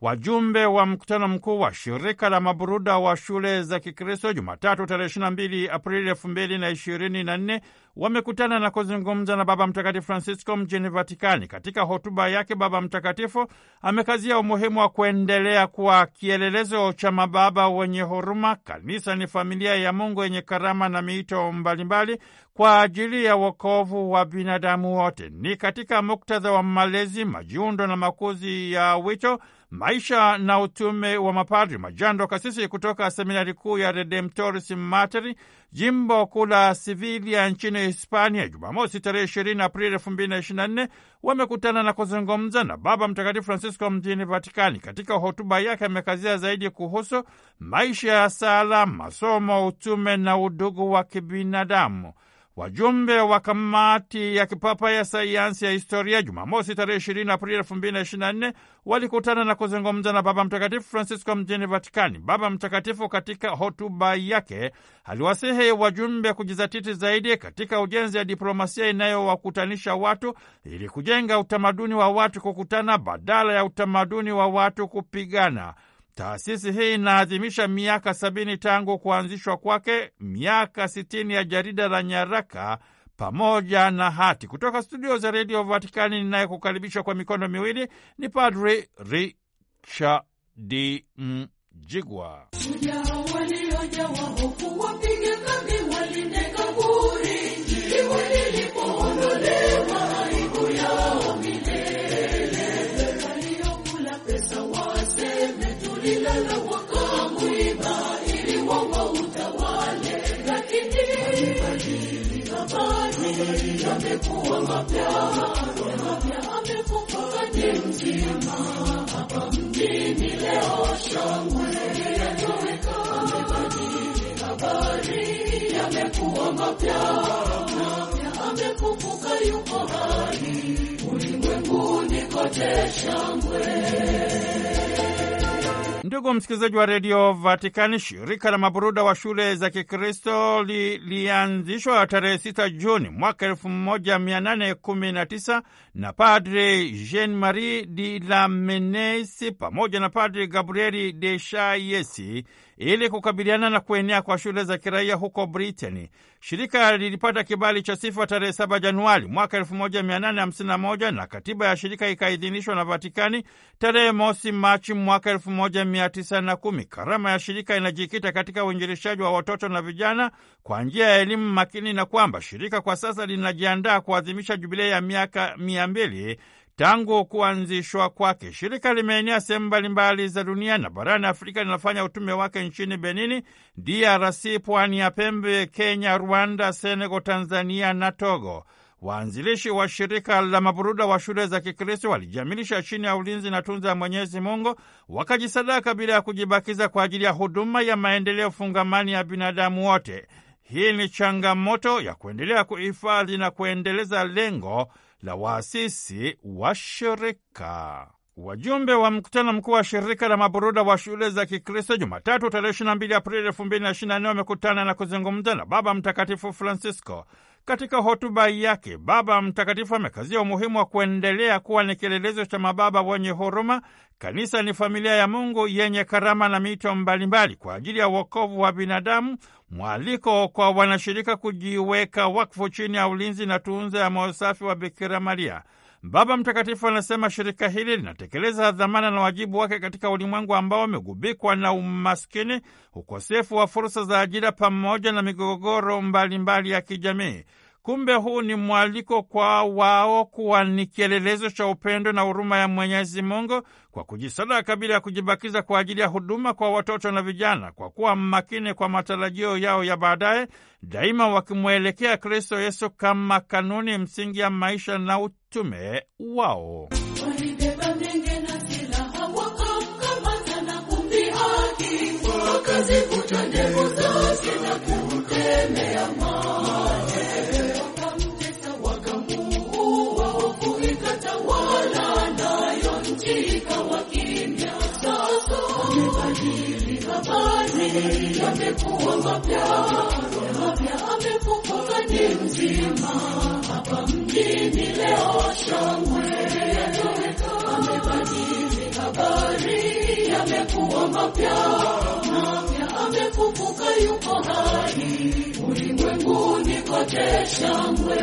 wajumbe wa mkutano mkuu wa shirika la maburuda wa shule za Kikristo Jumatatu tarehe 22 Aprili 2024 wamekutana na kuzungumza na Baba Mtakatifu Francisco mjini Vatikani. Katika hotuba yake, Baba Mtakatifu amekazia umuhimu wa kuendelea kuwa kielelezo cha mababa wenye huruma. Kanisa ni familia ya Mungu yenye karama na miito mbalimbali kwa ajili ya wokovu wa binadamu wote. Ni katika muktadha wa malezi, majiundo na makuzi ya wito maisha na utume wa mapadri majando kasisi kutoka seminari kuu ya Redemptoris Materi, jimbo kuu la Sivilia nchini Hispania Jumamosi tarehe ishirini Aprili nne wamekutana na kuzungumza na Baba Mtakatifu Francisco mjini Vatikani. Katika hotuba yake amekazia zaidi kuhusu maisha ya sala, masomo, utume na udugu wa kibinadamu. Wajumbe wa kamati ya kipapa ya sayansi ya historia Jumamosi tarehe 20 Aprili 2024 walikutana na kuzungumza na Baba Mtakatifu Francisco mjini Vatikani. Baba Mtakatifu katika hotuba yake aliwasihi wajumbe kujizatiti zaidi katika ujenzi ya diplomasia inayowakutanisha watu ili kujenga utamaduni wa watu kukutana badala ya utamaduni wa watu kupigana. Taasisi hii inaadhimisha miaka sabini tangu kuanzishwa kwake, miaka sitini ya jarida la nyaraka pamoja na hati. Kutoka studio za redio Vatikani, ninayekukaribisha kwa mikono miwili ni Padri Richard Mjigwa. amekuwa mapya, amekufa mji mzima hapa mjini leo, shangwe yatoweka, amebadili habari, yamekuwa mapya, amekufuka, yuko hai ulimwenguni kote, shangwe Ndugu msikilizaji wa redio Vatikani, shirika la maburuda wa shule za Kikristo lilianzishwa tarehe 6 Juni mwaka 1819 na Padre Jean Marie de la Menesi pamoja na Padre Gabrieli de chayesi ili kukabiliana na kuenea kwa shule za kiraia huko Briteni. Shirika lilipata kibali cha sifa tarehe 7 Januari mwaka 1851 na katiba ya shirika ikaidhinishwa na Vatikani tarehe mosi Machi mwaka 1910. Karama ya shirika inajikita katika uinjirishaji wa watoto na vijana kwa njia ya elimu makini, na kwamba shirika kwa sasa linajiandaa kuadhimisha jubilei ya miaka mia mbili Tangu kuanzishwa kwake, shirika limeenea sehemu mbalimbali za dunia na barani Afrika linafanya utume wake nchini Benini, DRC, pwani ya pembe, Kenya, Rwanda, senego Tanzania na Togo. Waanzilishi wa shirika la maburuda wa shule za Kikristo walijiamilisha chini ya ulinzi na tunza ya Mwenyezi Mungu, wakajisadaka bila ya kujibakiza kwa ajili ya huduma ya maendeleo fungamani ya binadamu wote. Hii ni changamoto ya kuendelea kuhifadhi na kuendeleza lengo la waasisi wa shirika. Wajumbe wa mkutano mkuu wa shirika la maburuda wa shule za Kikristo Jumatatu tarehe 22 Aprili 2024 wamekutana na kuzungumza na Baba Mtakatifu Francisco. Katika hotuba yake, Baba Mtakatifu amekazia umuhimu wa kuendelea kuwa ni kielelezo cha mababa wenye huruma Kanisa ni familia ya Mungu yenye karama na mito mbalimbali kwa ajili ya wokovu wa binadamu, mwaliko kwa wanashirika kujiweka wakfu chini ya ulinzi na tunza ya moyo safi wa Bikira Maria. Baba Mtakatifu anasema shirika hili linatekeleza dhamana na wajibu wake katika ulimwengu ambao umegubikwa na umaskini, ukosefu wa fursa za ajira, pamoja na migogoro mbalimbali ya kijamii. Kumbe huu ni mwaliko kwa wao kuwa ni kielelezo cha upendo na huruma ya Mwenyezi Mungu kwa kujisadaka bila ya kujibakiza kwa ajili ya huduma kwa watoto na vijana, kwa kuwa makini kwa matarajio yao ya baadaye, daima wakimwelekea Kristo Yesu kama kanuni msingi ya maisha na utume wao. yamekuwa mapya, amefufuka ni mzima. Hapa mjini leo shangwe amebadili habari, yamekuwa mapya, amefufuka yuko hai, ulimwenguni kote shangwe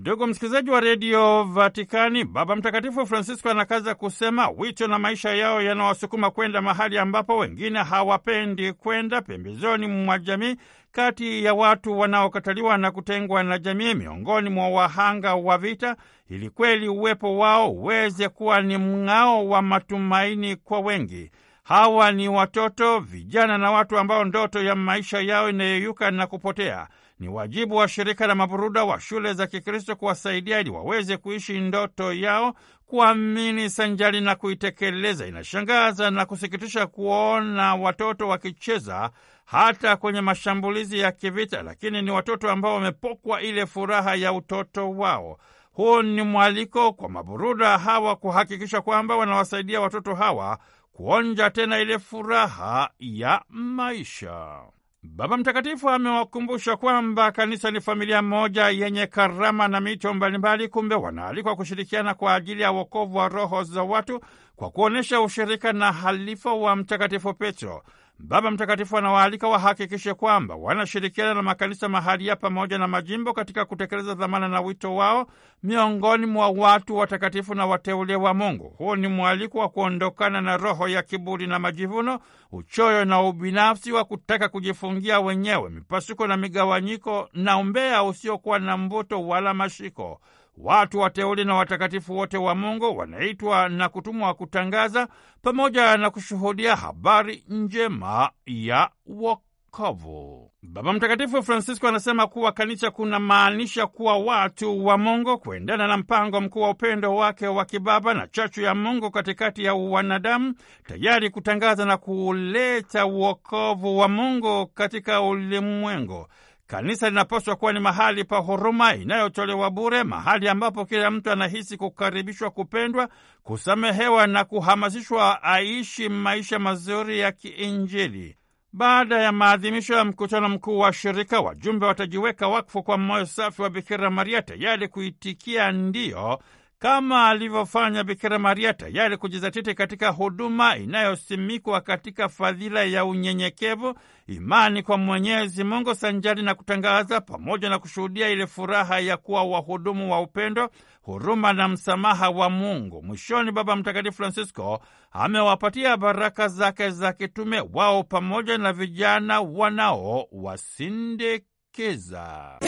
Ndugu msikilizaji wa redio Vatikani, Baba Mtakatifu Francisco anakaza kusema wito na maisha yao yanawasukuma kwenda mahali ambapo wengine hawapendi kwenda, pembezoni mwa jamii, kati ya watu wanaokataliwa na kutengwa na jamii, miongoni mwa wahanga wa vita, ili kweli uwepo wao uweze kuwa ni mng'ao wa matumaini kwa wengi. Hawa ni watoto, vijana na watu ambao ndoto ya maisha yao inayoyuka na kupotea. Ni wajibu wa shirika la maburuda wa shule za Kikristo kuwasaidia ili waweze kuishi ndoto yao, kuamini sanjali na kuitekeleza. Inashangaza na kusikitisha kuona watoto wakicheza hata kwenye mashambulizi ya kivita, lakini ni watoto ambao wamepokwa ile furaha ya utoto wao. Huu ni mwaliko kwa maburuda hawa kuhakikisha kwamba wanawasaidia watoto hawa kuonja tena ile furaha ya maisha. Baba Mtakatifu amewakumbusha kwamba kanisa ni familia moja yenye karama na mito mbalimbali. Kumbe wanaalikwa kushirikiana kwa ajili ya wokovu wa roho za watu kwa kuonyesha ushirika na halifa wa Mtakatifu Petro. Baba Mtakatifu anawaalika wahakikishe kwamba wanashirikiana na makanisa mahalia pamoja na majimbo katika kutekeleza dhamana na wito wao miongoni mwa watu watakatifu na wateule wa Mungu. Huu ni mwaliko wa kuondokana na roho ya kiburi na majivuno, uchoyo na ubinafsi wa kutaka kujifungia wenyewe, mipasuko na migawanyiko, na umbea usiokuwa na mvuto wala mashiko. Watu wateule na watakatifu wote wa Mungu wanaitwa na kutumwa kutangaza pamoja na kushuhudia habari njema ya wokovu. Baba Mtakatifu Francisco anasema kuwa kanisa kuna maanisha kuwa watu wa Mungu, kuendana na mpango mkuu wa upendo wake wa kibaba na chachu ya Mungu katikati ya wanadamu, tayari kutangaza na kuuleta wokovu wa Mungu katika ulimwengu. Kanisa linapaswa kuwa ni mahali pa huruma inayotolewa bure, mahali ambapo kila mtu anahisi kukaribishwa, kupendwa, kusamehewa na kuhamasishwa aishi maisha mazuri ya kiinjili. Baada ya maadhimisho ya mkutano mkuu wa shirika, wajumbe watajiweka wakfu kwa moyo safi wa Bikira Maria, tayari kuitikia ndiyo kama alivyofanya Bikira Maria, tayari kujizatiti katika huduma inayosimikwa katika fadhila ya unyenyekevu, imani kwa Mwenyezi Mungu, sanjari na kutangaza pamoja na kushuhudia ile furaha ya kuwa wahudumu wa upendo, huruma na msamaha wa Mungu. Mwishoni, Baba Mtakatifu Francisco amewapatia baraka zake za kitume wao pamoja na vijana wanaowasindikiza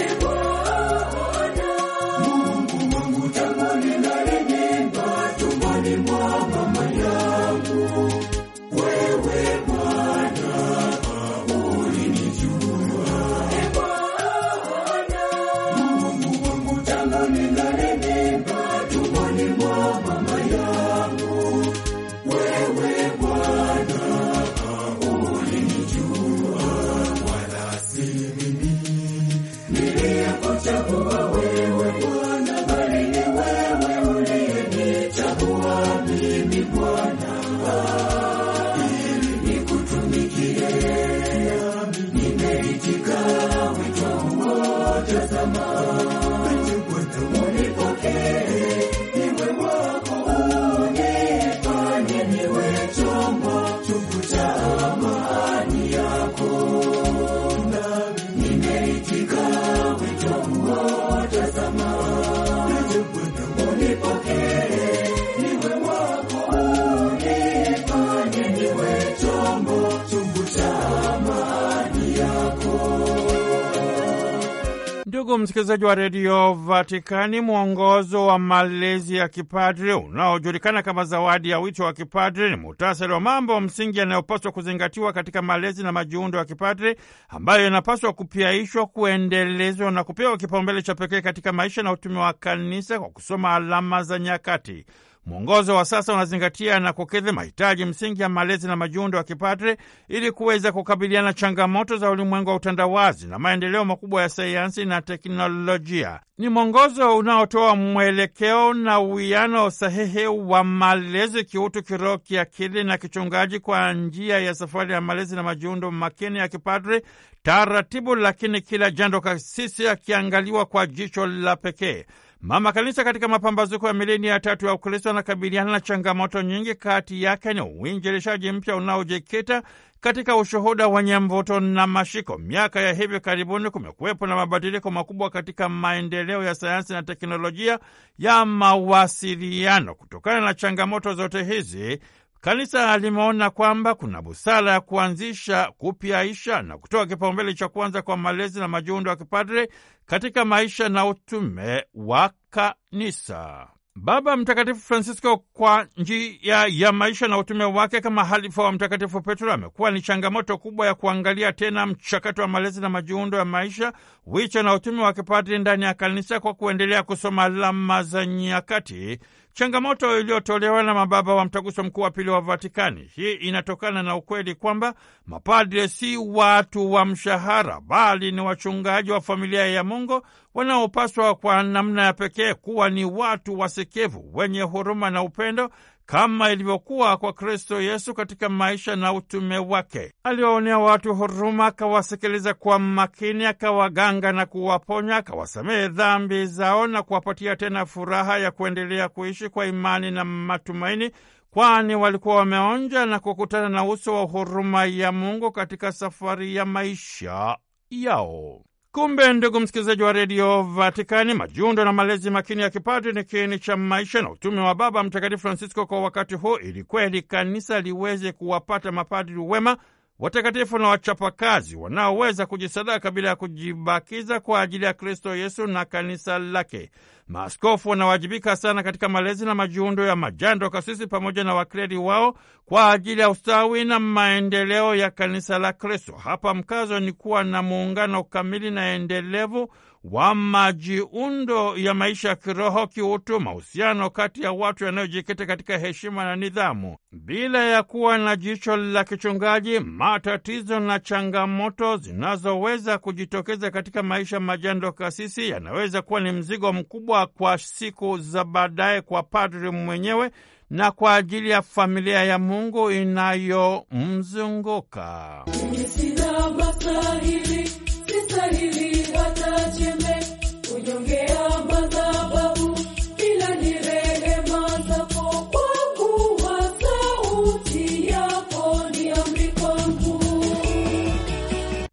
msikilizaji wa redio Vatikani, mwongozo wa malezi ya kipadri unaojulikana kama zawadi ya wito wa kipadri ni muhtasari wa mambo msingi yanayopaswa kuzingatiwa katika malezi na majiundo ya kipadri ambayo inapaswa kupiaishwa, kuendelezwa na kupewa kipaumbele cha pekee katika maisha na utumi wa kanisa kwa kusoma alama za nyakati. Mwongozo wa sasa unazingatia na kukidhi mahitaji msingi ya malezi na majiundo ya kipadri ili kuweza kukabiliana changamoto za ulimwengu wa utandawazi na maendeleo makubwa ya sayansi na teknolojia. Ni mwongozo unaotoa mwelekeo na uwiano sahihi wa malezi kiutu, kiroho, kiakili na kichungaji kwa njia ya safari ya malezi na majiundo makini ya kipadri taratibu, lakini kila jando kasisi akiangaliwa kwa jicho la pekee. Mama Kanisa katika mapambazuko ya milenia ya tatu ya Ukristo anakabiliana na changamoto nyingi. Kati yake ni uinjilishaji mpya unaojikita katika ushuhuda wenye mvuto na mashiko. Miaka ya hivi karibuni kumekuwepo na mabadiliko makubwa katika maendeleo ya sayansi na teknolojia ya mawasiliano. Kutokana na changamoto zote hizi Kanisa limeona kwamba kuna busara ya kuanzisha kupyaisha na kutoa kipaumbele cha kwanza kwa malezi na majiundo ya kipadre katika maisha na utume wa kanisa. Baba Mtakatifu Francisco kwa njia ya maisha na utume wake kama halifa wa Mtakatifu Petro amekuwa ni changamoto kubwa ya kuangalia tena mchakato wa malezi na majiundo ya maisha, wicha na utume wa kipadri ndani ya kanisa kwa kuendelea kusoma alama za nyakati changamoto iliyotolewa na mababa wa mtaguso mkuu wa pili wa Vatikani. Hii inatokana na ukweli kwamba mapadre si watu wa mshahara, bali ni wachungaji wa familia ya Mungu wanaopaswa kwa namna ya pekee kuwa ni watu wasikivu, wenye huruma na upendo kama ilivyokuwa kwa Kristo Yesu katika maisha na utume wake. Aliwaonea watu huruma, akawasikiliza kwa makini, akawaganga na kuwaponya, akawasamehe dhambi zao na kuwapatia tena furaha ya kuendelea kuishi kwa imani na matumaini, kwani walikuwa wameonja na kukutana na uso wa huruma ya Mungu katika safari ya maisha yao. Kumbe ndugu msikilizaji wa redio Vatikani, majundo na malezi makini ya kipadri ni kiini cha maisha na utume wa Baba Mtakatifu Francisco kwa wakati huu, ili kweli kanisa liweze kuwapata mapadri wema, watakatifu na wachapakazi wanaoweza kujisadaka bila ya kujibakiza kwa ajili ya Kristo Yesu na kanisa lake. Maaskofu wanawajibika sana katika malezi na majiundo ya majando kasisi pamoja na wakleri wao kwa ajili ya ustawi na maendeleo ya kanisa la Kristo. Hapa mkazo ni kuwa na muungano kamili na endelevu wa majiundo ya maisha ya kiroho, kiutu, mahusiano kati ya watu yanayojikita katika heshima na nidhamu, bila ya kuwa na jicho la kichungaji matatizo na changamoto zinazoweza kujitokeza katika maisha majando kasisi yanaweza kuwa ni mzigo mkubwa kwa siku za baadaye kwa padri mwenyewe na kwa ajili ya familia ya Mungu inayomzunguka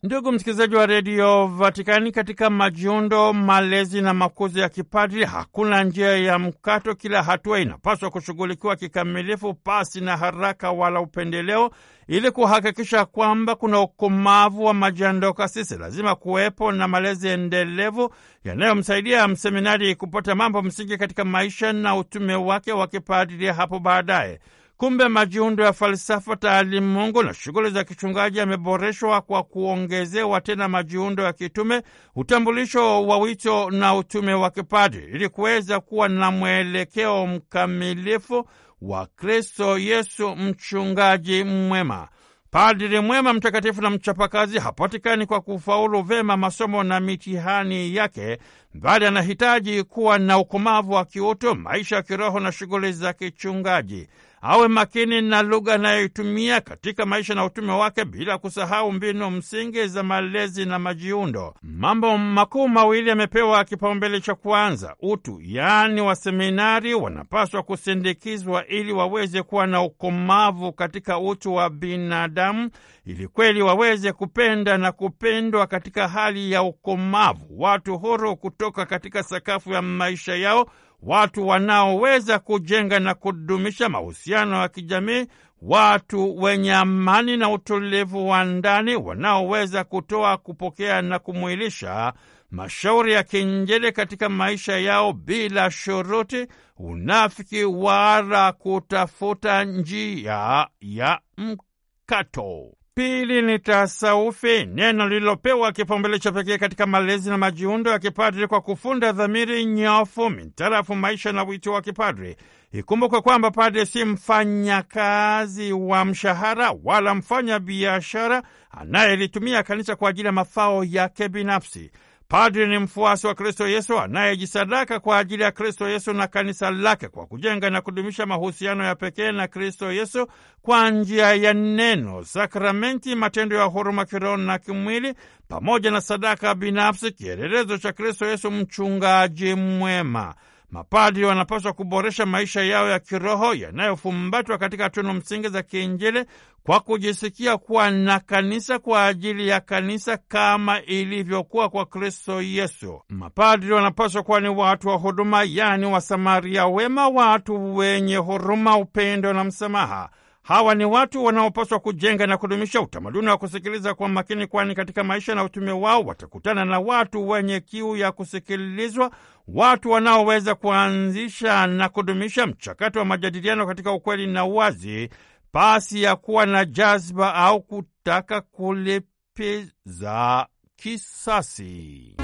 Ndugu msikilizaji wa redio Vatikani, katika majiundo, malezi na makuzi ya kipadri hakuna njia ya mkato. Kila hatua inapaswa kushughulikiwa kikamilifu, pasi na haraka wala upendeleo, ili kuhakikisha kwamba kuna ukomavu wa majiandokasisi. Lazima kuwepo na malezi endelevu yanayomsaidia mseminari kupata mambo msingi katika maisha na utume wake wa kipadri hapo baadaye. Kumbe majiundo ya falsafa, taalimungu na shughuli za kichungaji yameboreshwa kwa kuongezewa tena majiundo ya kitume, utambulisho wa wito na utume wa kipadi, ili kuweza kuwa na mwelekeo mkamilifu wa Kristo Yesu, mchungaji mwema. Padri mwema, mtakatifu na mchapakazi hapatikani kwa kufaulu vema masomo na mitihani yake, bali anahitaji kuwa na ukomavu wa kiutu, maisha ya kiroho na shughuli za kichungaji awe makini na lugha anayoitumia katika maisha na utume wake, bila kusahau mbinu msingi za malezi na majiundo. Mambo makuu mawili yamepewa kipaumbele cha kwanza, utu, yaani waseminari wanapaswa kusindikizwa ili waweze kuwa na ukomavu katika utu wa binadamu, ili kweli waweze kupenda na kupendwa katika hali ya ukomavu, watu huru kutoka katika sakafu ya maisha yao watu wanaoweza kujenga na kudumisha mahusiano ya kijamii, watu wenye amani na utulivu wa ndani, wanaoweza kutoa, kupokea na kumwilisha mashauri ya kinjili katika maisha yao bila shuruti, unafiki wala kutafuta njia ya mkato. Pili ni tasaufi, neno lililopewa kipaumbele cha pekee katika malezi na majiundo ya kipadri kwa kufunda dhamiri nyofu mitarafu maisha na wito wa kipadri. Ikumbukwe kwamba padri si mfanyakazi wa mshahara wala mfanya biashara anayelitumia kanisa kwa ajili ya mafao yake binafsi. Padri ni mfuasi wa Kristo Yesu anayejisadaka kwa ajili ya Kristo Yesu na kanisa lake kwa kujenga na kudumisha mahusiano ya pekee na Kristo Yesu kwa njia ya neno, sakramenti, matendo ya huruma kiroho na kimwili, pamoja na sadaka binafsi, kielelezo cha Kristo Yesu mchungaji mwema. Mapadri wanapaswa kuboresha maisha yao ya kiroho yanayofumbatwa katika tunu msingi za kiinjili kwa kujisikia kuwa na kanisa kwa ajili ya kanisa kama ilivyokuwa kwa Kristo Yesu. Mapadri wanapaswa kuwa ni watu wa huduma, yaani wasamaria wema, watu wenye huruma, upendo na msamaha. Hawa ni watu wanaopaswa kujenga na kudumisha utamaduni wa kusikiliza kwa makini, kwani katika maisha na utume wao watakutana na watu wenye kiu ya kusikilizwa, watu wanaoweza kuanzisha na kudumisha mchakato wa majadiliano katika ukweli na uwazi, pasi ya kuwa na jazba au kutaka kulipiza kisasi.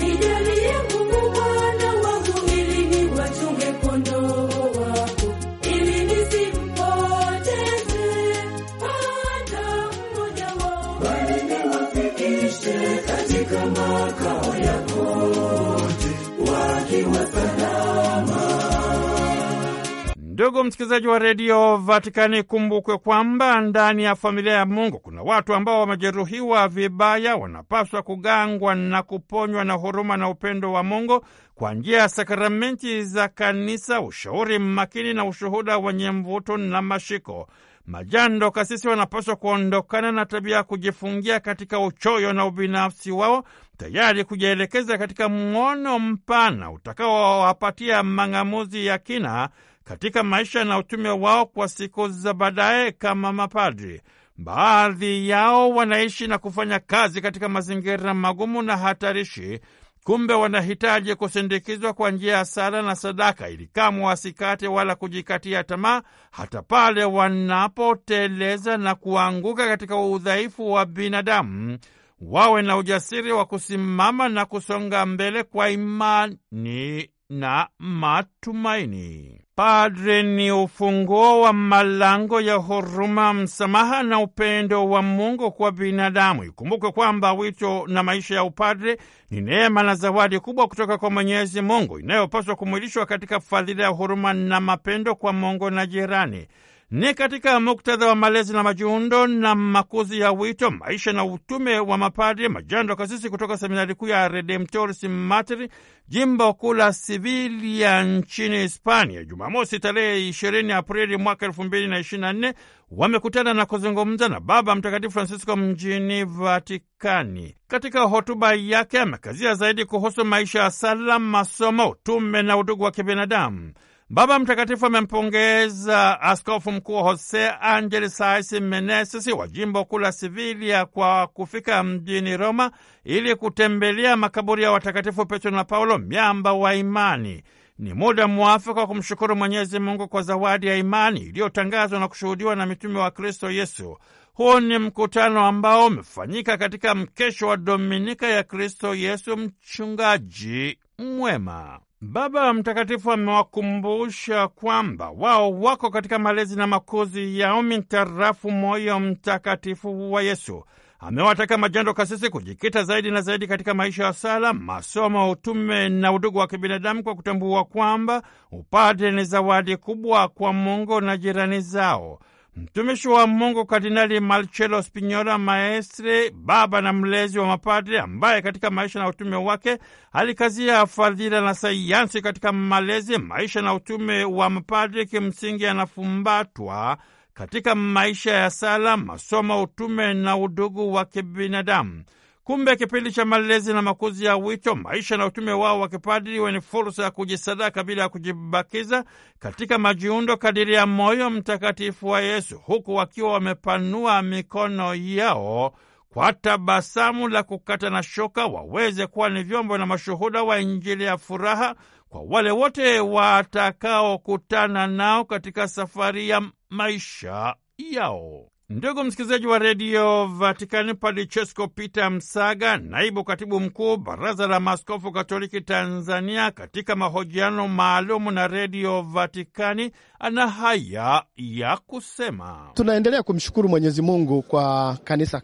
Ndugu msikilizaji wa redio Vatikani, kumbukwe kwamba ndani ya familia ya Mungu kuna watu ambao wamejeruhiwa vibaya, wanapaswa kugangwa na kuponywa na huruma na upendo wa Mungu kwa njia ya sakramenti za kanisa, ushauri makini na ushuhuda wenye mvuto na mashiko. Majando kasisi wanapaswa kuondokana na tabia ya kujifungia katika uchoyo na ubinafsi wao, tayari kujielekeza katika mwono mpana utakaowapatia mang'amuzi ya kina katika maisha na utume wao kwa siku za baadaye kama mapadri. Baadhi yao wanaishi na kufanya kazi katika mazingira magumu na hatarishi, kumbe wanahitaji kusindikizwa kwa njia ya sala na sadaka, ili kamwe wasikate wala kujikatia tamaa, hata pale wanapoteleza na kuanguka katika udhaifu wa binadamu, wawe na ujasiri wa kusimama na kusonga mbele kwa imani na matumaini. Padre ni ufunguo wa malango ya huruma, msamaha na upendo wa Mungu kwa binadamu. Ikumbukwe kwamba wito na maisha ya upadre ni neema na zawadi kubwa kutoka kwa Mwenyezi Mungu inayopaswa kumwilishwa katika fadhila ya huruma na mapendo kwa Mungu na jirani. Ni katika muktadha wa malezi na majiundo na makuzi ya wito, maisha na utume wa mapadri majando kasisi kutoka seminari kuu ya Redemptoris Mater jimbo kuu la Sivilia nchini Hispania, Jumamosi tarehe 20 Aprili mwaka 2024 wamekutana na kuzungumza na Baba Mtakatifu Francisco mjini Vatikani. Katika hotuba yake amekazia zaidi kuhusu maisha ya sala, masomo, utume na udugu wa kibinadamu. Baba Mtakatifu amempongeza Askofu Mkuu Jose Angel Sais Menesisi wa jimbo kuu la Sivilia kwa kufika mjini Roma ili kutembelea makaburi ya watakatifu Petro na Paulo, miamba wa imani. Ni muda mwafaka wa kumshukuru Mwenyezi Mungu kwa zawadi ya imani iliyotangazwa na kushuhudiwa na mitume wa Kristo Yesu. Huu ni mkutano ambao umefanyika katika mkesho wa Dominika ya Kristo Yesu mchungaji mwema. Baba Mtakatifu amewakumbusha kwamba wao wako katika malezi na makuzi yao mitarafu moyo mtakatifu wa Yesu. Amewataka majando kasisi kujikita zaidi na zaidi katika maisha ya sala, masomo, utume na udugu wa kibinadamu, kwa kutambua kwamba upadre ni zawadi kubwa kwa Mungu na jirani zao. Mtumishi wa Mungu Kardinali Marcello Spinola, maestri, baba na mlezi wa mapadre, ambaye katika maisha na utume wake alikazia fadhila na sayansi katika malezi, maisha na utume wa mapadre, kimsingi anafumbatwa katika maisha ya sala, masomo, utume na udugu wa kibinadamu. Kumbe kipindi cha malezi na makuzi ya wito, maisha na utume wao wa kipadri weni fursa ya kujisadaka bila ya kujibakiza katika majiundo kadiri ya moyo mtakatifu wa Yesu, huku wakiwa wamepanua mikono yao kwa tabasamu la kukata na shoka, waweze kuwa ni vyombo na mashuhuda wa Injili ya furaha kwa wale wote watakaokutana nao katika safari ya maisha yao. Ndugu msikilizaji wa redio Vatikani, padichesco Peter Msaga, naibu katibu mkuu baraza la maaskofu katoliki Tanzania, katika mahojiano maalumu na redio Vatikani ana haya ya kusema: tunaendelea kumshukuru Mwenyezi Mungu kwa kanisa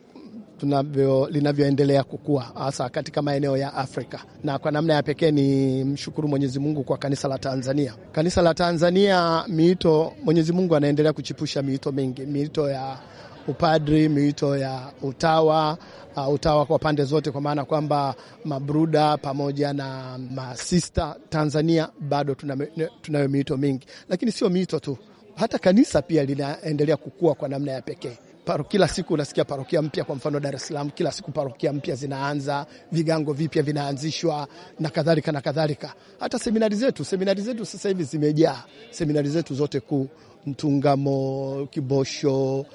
tunavyo linavyoendelea kukua hasa katika maeneo ya Afrika, na kwa namna ya pekee ni mshukuru Mwenyezi Mungu kwa kanisa la Tanzania. Kanisa la Tanzania miito, Mwenyezi Mungu anaendelea kuchipusha miito mingi, miito ya upadri, miito ya utawa Uh, utawa kwa pande zote, kwa maana kwamba mabruda pamoja na masista. Tanzania bado tunayo miito mingi, lakini sio miito tu, hata kanisa pia linaendelea kukua kwa namna ya pekee paro, kila siku unasikia parokia mpya. Kwa mfano Dar es Salaam, kila siku parokia mpya zinaanza, vigango vipya vinaanzishwa na kadhalika na kadhalika. Hata seminari zetu, seminari zetu sasa hivi zimejaa seminari zetu zote kuu Mtungamo, Kibosho,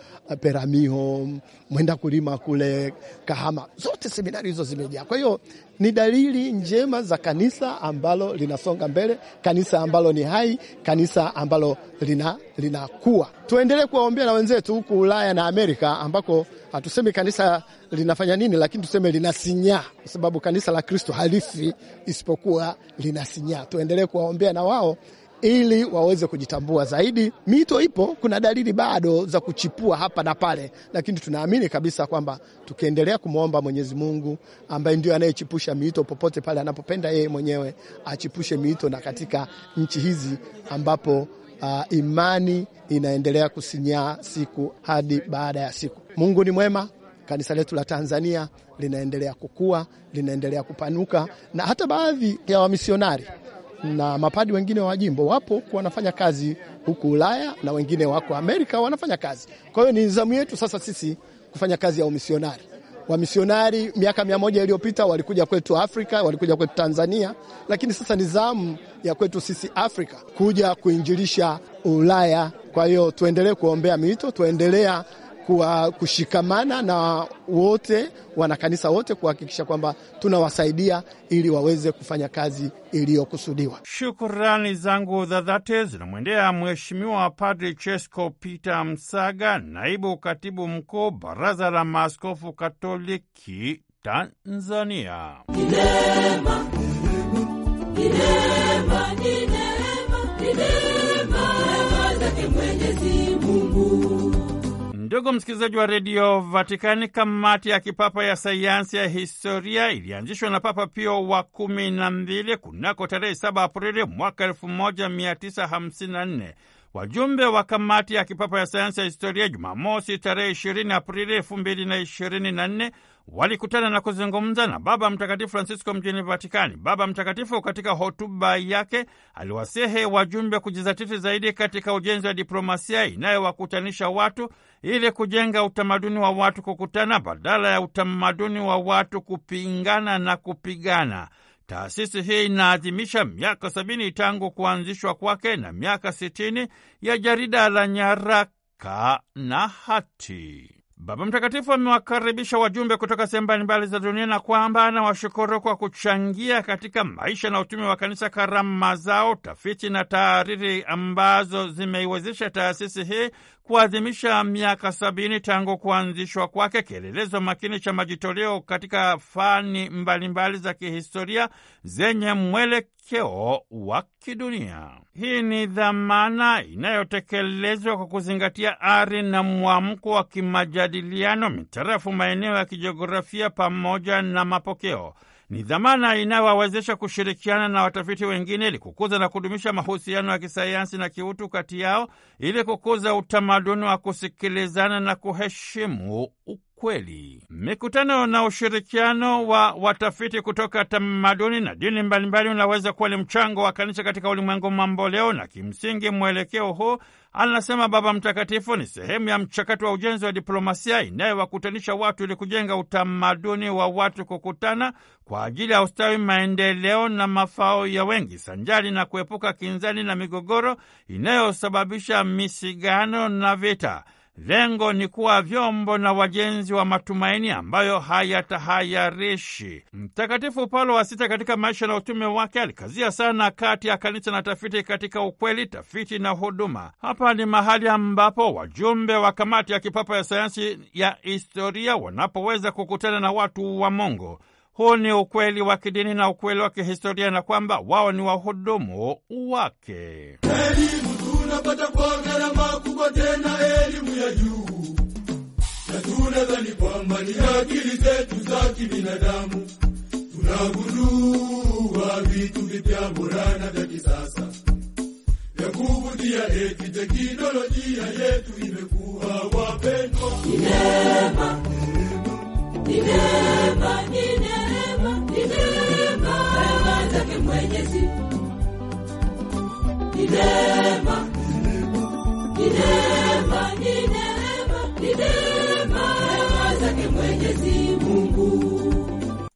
Peramiho, Mwenda Kulima kule Kahama, zote seminari hizo zimejaa. Kwa hiyo ni dalili njema za kanisa ambalo linasonga mbele, kanisa ambalo ni hai, kanisa ambalo lina linakuwa. Tuendelee kuwaombea na wenzetu huku Ulaya na Amerika ambako hatusemi kanisa linafanya nini, lakini tuseme linasinyaa, kwa sababu kanisa la Kristo halifi isipokuwa linasinyaa. Tuendelee kuwaombea na wao ili waweze kujitambua zaidi. Mito ipo, kuna dalili bado za kuchipua hapa na pale, lakini tunaamini kabisa kwamba tukiendelea kumwomba Mwenyezi Mungu ambaye ndio anayechipusha mito popote pale anapopenda yeye mwenyewe, achipushe mito na katika nchi hizi ambapo Uh, imani inaendelea kusinyaa siku hadi baada ya siku. Mungu ni mwema. Kanisa letu la Tanzania linaendelea kukua, linaendelea kupanuka na hata baadhi ya wamisionari na mapadi wengine wa jimbo wapo wanafanya kazi huku Ulaya na wengine wako Amerika wanafanya kazi. Kwa hiyo ni zamu yetu sasa sisi kufanya kazi ya umisionari. Wamisionari miaka mia moja iliyopita walikuja kwetu Afrika, walikuja kwetu Tanzania, lakini sasa ni zamu ya kwetu sisi Afrika kuja kuinjilisha Ulaya. Kwa hiyo tuendelee kuombea miito, tuendelea kuwa kushikamana na wote wanakanisa wote kuhakikisha kwamba tunawasaidia ili waweze kufanya kazi iliyokusudiwa. Shukurani zangu za dhati zinamwendea Mheshimiwa Padri Chesco Peter Msaga, naibu katibu mkuu Baraza la Maaskofu Katoliki Tanzania. Inema, inema, inema, inema, inema, Ndugu msikilizaji wa redio Vatikani, kamati ya kipapa ya sayansi ya historia ilianzishwa na Papa Pio wa kumi na mbili kunako tarehe 7 Aprili mwaka 1954. Wajumbe wa kamati ya kipapa ya sayansi ya historia Jumamosi tarehe 20 Aprili na nne walikutana na kuzungumza na Baba Mtakatifu Francisco mjini Vatikani. Baba Mtakatifu katika hotuba yake aliwasihi wajumbe kujizatiti zaidi katika ujenzi wa diplomasia inayowakutanisha watu ili kujenga utamaduni wa watu kukutana badala ya utamaduni wa watu kupingana na kupigana. Taasisi hii inaadhimisha miaka sabini tangu kuanzishwa kwake na miaka sitini ya jarida la nyaraka na hati. Baba Mtakatifu amewakaribisha wajumbe kutoka sehemu mbalimbali za dunia na kwamba anawashukuru kwa kuchangia katika maisha na utumi wa kanisa karama zao, tafiti na taariri ambazo zimeiwezesha taasisi hii kuadhimisha miaka sabini tangu kuanzishwa kwake, kielelezo makini cha majitoleo katika fani mbalimbali mbali za kihistoria zenye mwelekeo wa kidunia. Hii ni dhamana inayotekelezwa kwa kuzingatia ari na mwamko wa kimajadiliano mitarafu maeneo ya kijiografia pamoja na mapokeo. Ni dhamana inayowawezesha kushirikiana na watafiti wengine ili kukuza na kudumisha mahusiano ya kisayansi na kiutu kati yao ili kukuza utamaduni wa kusikilizana na kuheshimu kweli. Mikutano na ushirikiano wa watafiti kutoka tamaduni na dini mbalimbali unaweza kuwa ni mchango wa kanisa katika ulimwengu mamboleo, na kimsingi mwelekeo huu, anasema Baba Mtakatifu, ni sehemu ya mchakato wa ujenzi wa diplomasia inayowakutanisha watu ili kujenga utamaduni wa watu kukutana kwa ajili ya ustawi, maendeleo na mafao ya wengi, sanjari na kuepuka kinzani na migogoro inayosababisha misigano na vita. Lengo ni kuwa vyombo na wajenzi wa matumaini ambayo hayatahayarishi. Mtakatifu Paulo wa Sita katika maisha na utume wake alikazia sana kati ya kanisa na tafiti katika ukweli, tafiti na huduma. Hapa ni mahali ambapo wajumbe wa kamati ya kipapa ya sayansi ya historia wanapoweza kukutana na watu wa Mungu. Huu ni ukweli wa kidini na ukweli wa kihistoria, na kwamba wao ni wahudumu wake. Elimu tunapata kwa gharama kubwa tena eh ya juu, na tunadhani kwamba ni akili zetu za kibinadamu. Tunagundua vitu vipya bora vya kisasa vya kuvutia, eti teknolojia yetu imekuwa wapendwa, ni neema, ni neema, ni neema, ni neema zake Mwenyezi, ni neema Mwenyezi Mungu.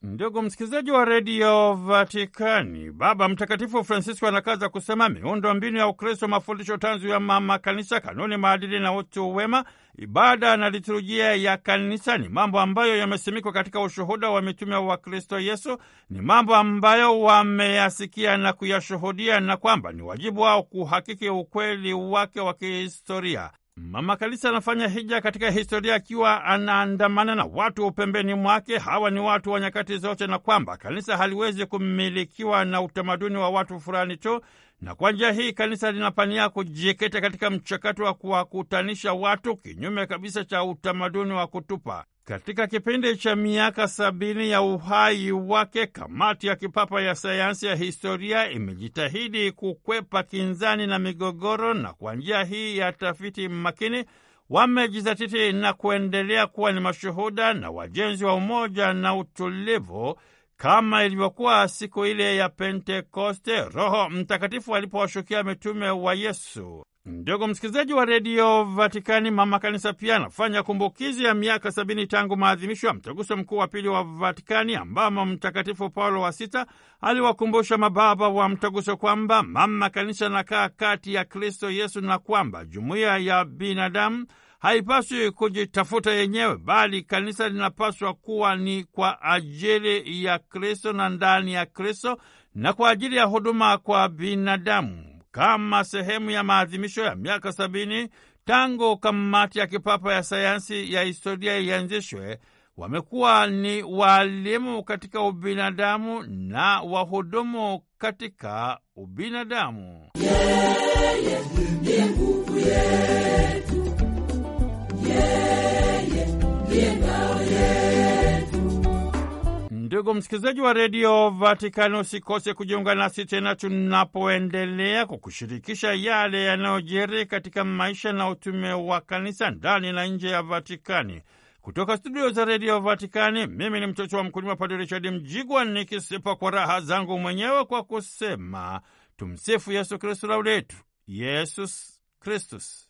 Ndugu msikilizaji wa redio Vatikani, Baba Mtakatifu Francisco anakaza kusema miundo mbinu ya Ukristo, mafundisho tanzu ya mama kanisa, kanuni, maadili na utu wema, ibada na liturujia ya kanisa ni mambo ambayo yamesimikwa katika ushuhuda wa mitume wa Kristo Yesu, ni mambo ambayo wameyasikia na kuyashuhudia, na kwamba ni wajibu wao kuhakiki ukweli wake wa kihistoria. Mama Kanisa anafanya hija katika historia akiwa anaandamana na watu upembeni mwake. Hawa ni watu wa nyakati zote, na kwamba kanisa haliwezi kumilikiwa na utamaduni wa watu fulani tu, na kwa njia hii kanisa linapania kujikita katika mchakato wa kuwakutanisha watu, kinyume kabisa cha utamaduni wa kutupa katika kipindi cha miaka sabini ya uhai wake, kamati ya kipapa ya sayansi ya historia imejitahidi kukwepa kinzani na migogoro, na kwa njia hii ya tafiti makini wamejizatiti na kuendelea kuwa ni mashuhuda na wajenzi wa umoja na utulivu, kama ilivyokuwa siku ile ya Pentekoste, Roho Mtakatifu alipowashukia mitume wa Yesu. Ndugu msikilizaji wa redio Vatikani, mama kanisa pia anafanya kumbukizi ya miaka sabini tangu maadhimisho ya mtaguso mkuu wa pili wa Vatikani, ambamo Mtakatifu Paulo wa Sita aliwakumbusha mababa wa mtaguso kwamba mama kanisa nakaa kati ya Kristo Yesu na kwamba jumuiya ya binadamu haipaswi kujitafuta yenyewe, bali kanisa linapaswa kuwa ni kwa ajili ya Kristo na ndani ya Kristo na kwa ajili ya huduma kwa binadamu kama sehemu ya maadhimisho ya miaka sabini tangu kamati ya kipapa ya sayansi ya historia ianzishwe, wamekuwa ni waalimu katika ubinadamu na wahudumu katika ubinadamu. Yeye ndiye nguvu yetu, yeye ndiye Ndugu msikilizaji wa redio Vatikani, usikose kujiunga nasi tena tunapoendelea kukushirikisha yale yanayojiri katika maisha na utume wa kanisa ndani na nje ya Vatikani. Kutoka studio za redio Vatikani, mimi ni mtoto wa mkulima Padre Richard Mjigwa, nikisepa kwa raha zangu mwenyewe kwa kusema tumsifu Yesu Kristu, laudetu Yesus Kristus.